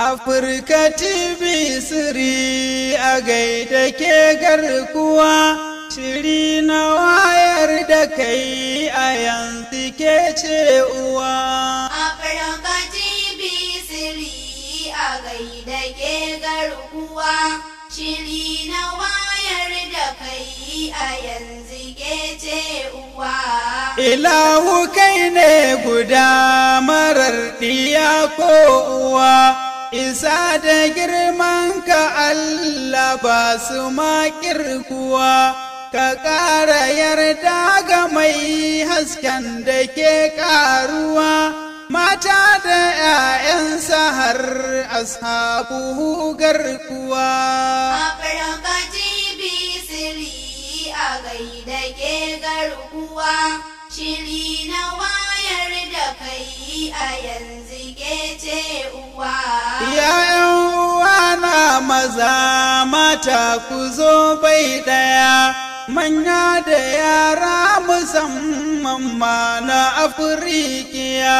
Afirka TV siri a gaida ke garkuwa shiri na wayar da kai a yanzu ke ce uwa. Afirka TV siri a gaida ke garkuwa shiri na wayar da kai a yanzu ke ce uwa. Ilahu kai ne guda marar ɗiya ko uwa. isa da girman ka Allah ba su makirkuwa ka ƙara yarda ga mai hasken da ke ƙaruwa mata da ‘ya'yansa har ashabu garkuwa. A ke garkuwa, shiri na wa kai na maza mata ku zo bai daya manya da yara musamman ma na afirikiya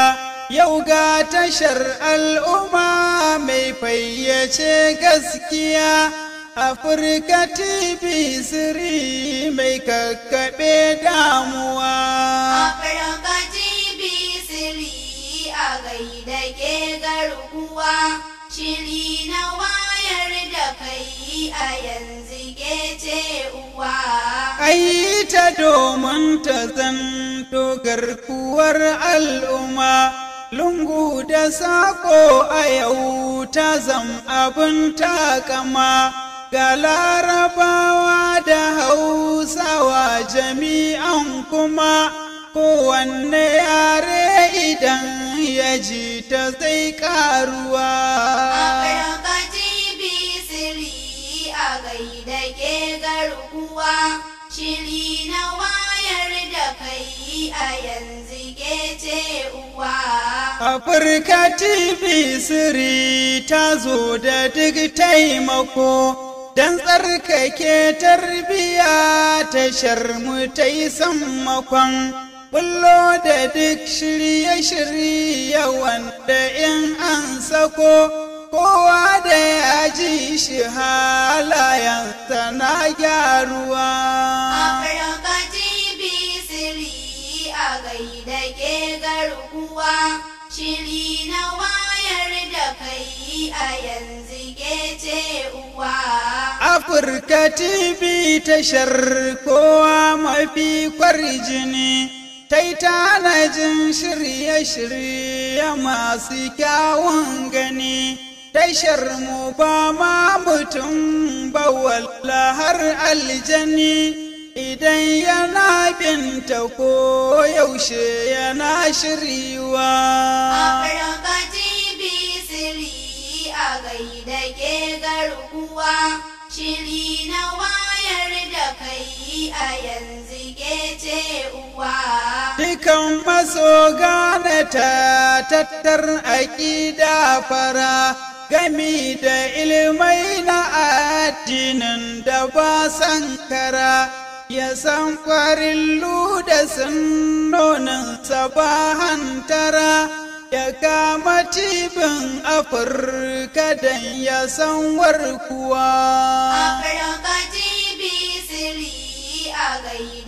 yau ga tashar al'umma mai fayyace gaskiya afirka tv siri mai kakkaɓe damuwa afirka gai da ke garkuwa shiri na wayar da kai a yanzu ke ce uwa ai ta domin ta zanto garkuwar al'umma lungu da sako a yau ta zam abin takama ga larabawa da hausawa jami'an kuma kowanne yare idan ya ji ta zai karuwa garkuwa shiri na wayar da kai a yanzu ke ce uwa afirka tv siri ta zo da duk taimako don tsarkake tarbiya tashar mu ta yi sammakon bullo da duk shirye-shirye wanda in an sako kowa da ya ji shi halayensa na gyaruwa Shiri na wayar da kai a yanzu ke ce uwa. Afirka TV tashar kowa mafi kwarjini. ta yi tanajin shirye-shirye masu kyawun gani tashar mu ba ma mutum ba walla har aljani idan yana binta ko yaushe yana shiriwa. a da ke garkuwa shiri na wayar da kai a yanzu ke ce uwa kan maso gane ta tattar aƙida fara gami da ilmai na addinin da ba sankara ya san luda sun sunnoninsa ba hantara ya kama cibin afirka don ya san warkuwa. Afirka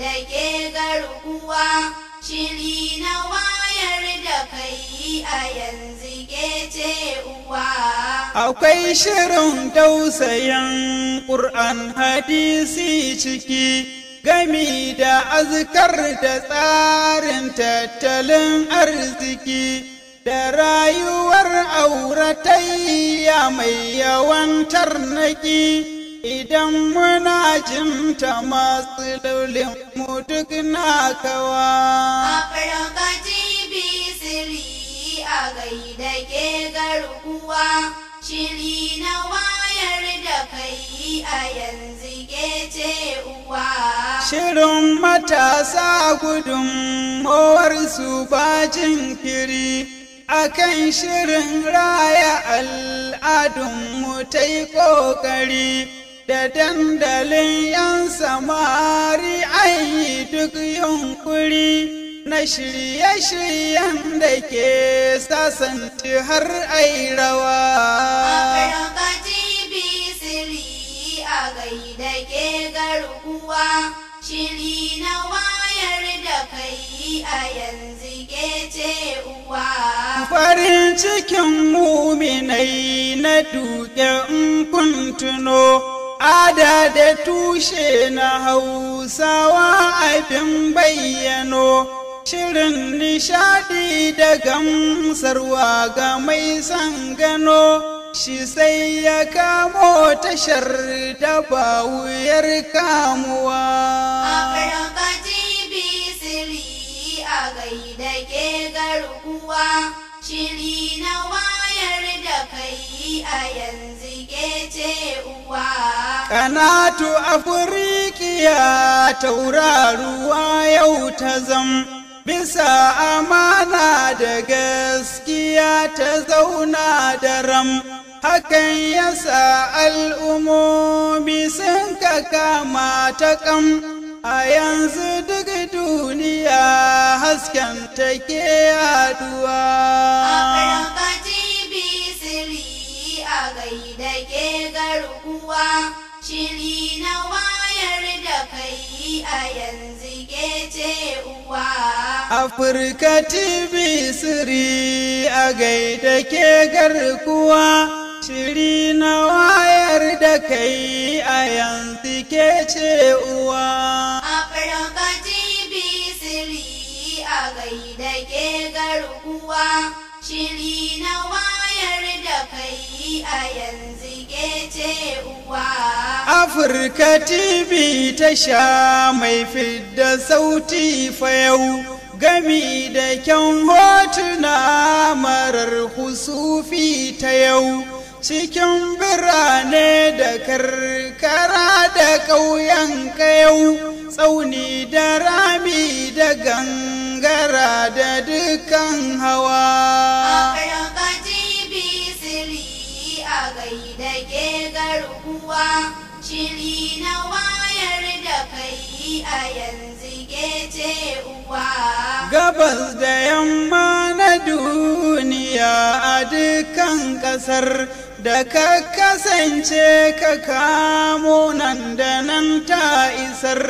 a garkuwa. shiri na wayar da kai a yanzu ce uwa. Akwai shirin tausayin Ƙur'an hadisi ciki gami da azkar da tsarin tattalin arziki. Da rayuwar auratayya mai yawan tarnaki. idan muna jimta matsalolin mu duk na kawa. Afirka TV bisiri, a gaida ke garkuwa, shiri na wayar da kai a yanzu ke ce uwa. Shirin matasa gudun mowar su bajin kiri. akan shirin raya al'adunmu ta yi ƙoƙari da dandalin 'yan samari an yi duk yunkuri na shirye-shiryen da ke sasanci har ai rawa. da ke garkuwa shiri na wayar da kai a yanzu ke ce uwa. Farin cikin muminai na duke in ada da tushe na hausawa abin bayyano shirin nishadi da gamsarwa ga mai san gano shi sai ya kamo tashar da ba wuyar kamuwa da shiri na wayar da kai a yanzu ke ce uwa kanatu afirikiya tauraruwa yau ta zam bisa amana da gaskiya ta zauna da ram hakan yasa al'ummomi sun ka kama ta kam a yanzu duk duniya hasken take yaduwa. A gai da ke garkuwa shiri na wayar da kai a yanzu ke ce uwa afirka tv siri a gai da ke garkuwa shiri na wayar da kai a yanzu ke ce uwa afirka tv siri a gai da ke garkuwa shiri na wayar da kai a yanzu ke uwa. Afirka TV ta sha mai fidda sauti fa yau. Gami da kyan hotuna marar husufi ta yau. Cikin birane da karkara da ƙauyen yau, tsauni da rami da gangara da dukan hawa. kowa na wayar da kai a yanzu gece uwa gabas da yamma na duniya a dukkan kasar da ka kasance ka kamo nan da nan ta isar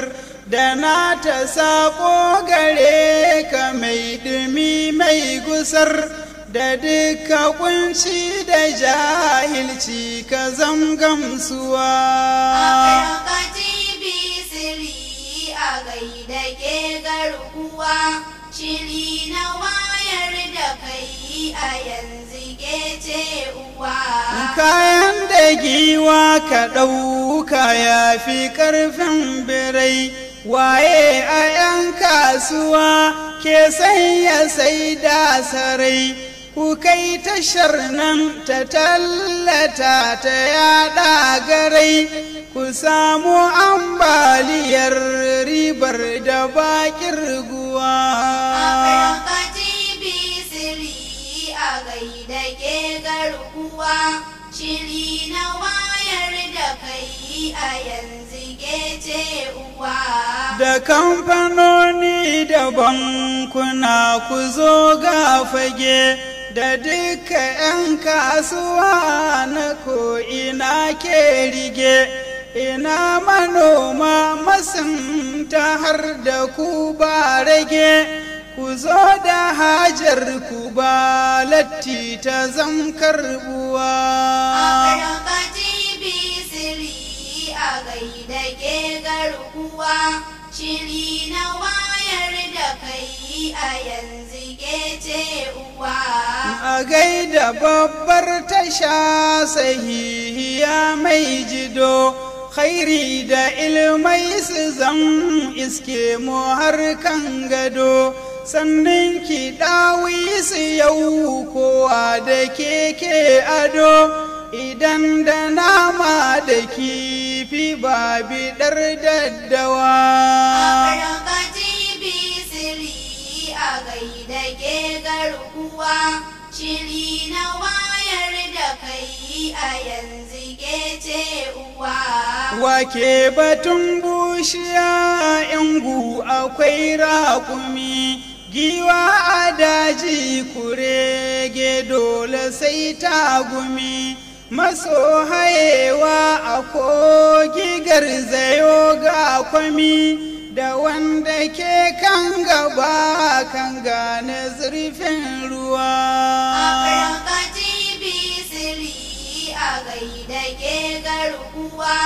da na ta sako gare ka mai dumi mai gusar da duka kunci da jahilci ka zam gamsuwa a karkaci bisiri a gaida ke garkuwa shiri na wayar da kai a yanzu ke ce uwa kayan da giwa ka ɗauka ya fi ƙarfin birai waye a 'yan kasuwa ke sanya sai da sarai ku kai tashar nan ta tallata ta yada garai ku samu ambaliyar ribar da bakin ruguwa Shiri na wayar da kai a yanzu uwa. Da kamfanoni da bankuna ku zo ga fage. da duka 'yan kasuwa na ko'ina ke rige ina manoma masunta har da ku ba rage ku zo da hajar ku ba latti ta zan karbuwa a shiri na wa a yanzu ke uwa a gaida babbar tasha sahihiya mai jido khairi da ilmai su zan iske mu har kan gado sannan ki dawi su yau kowa da keke ado idan da nama da kifi babi ɗar daddawa. gai da ke garkuwa shiri na wayar da kai a yanzu ke ce uwa wake batun bushiya ingu akwai rakumi giwa a daji kurege dole sai gumi maso hayewa a kogi garzayo ga kwami da wanda ke kan gaba kan gane zurfin ruwa. A karkaci bisiri a da ke garkuwa,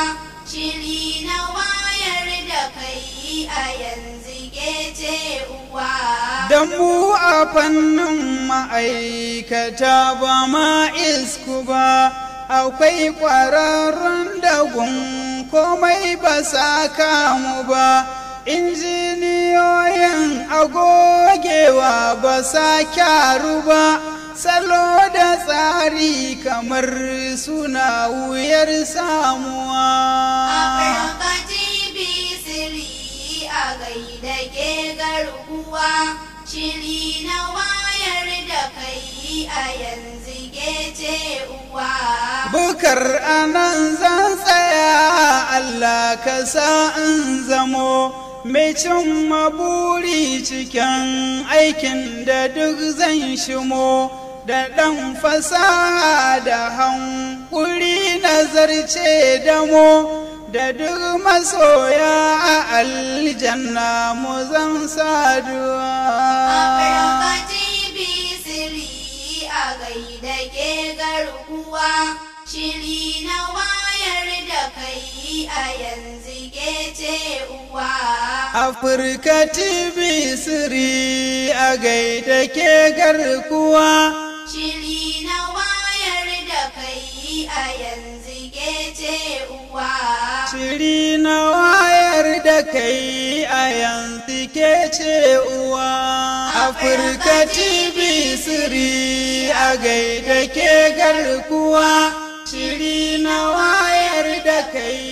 shiri na wayar da kai a yanzu ke ce uwa. Da mu a fannin ma'aikata ba ma isku ba, akwai ƙwararrun dagun komai ba sa kamu ba. injiniyoyin agogewa ba sa kyaru ba salo da tsari kamar suna wuyar samuwa da ke shiri na wayar da kai a yanzu ke uwa bukar anan zan tsaya Allah ka sa in zamo mai cin maburi cikin aikin da duk zan shimo da ɗan fasaha da hankuri nazarce damo da duk masoya a aljanna mu zan saduwa. A ke shiri na wa tafiyar da a yanzu uwa afirka tv siri a gaida ke garkuwa shiri na wayar da kai a yanzu ke ce uwa shiri na wayar da kai a yanzu ke ce uwa afirka tv siri a gaida ke garkuwa shiri na wayar okay.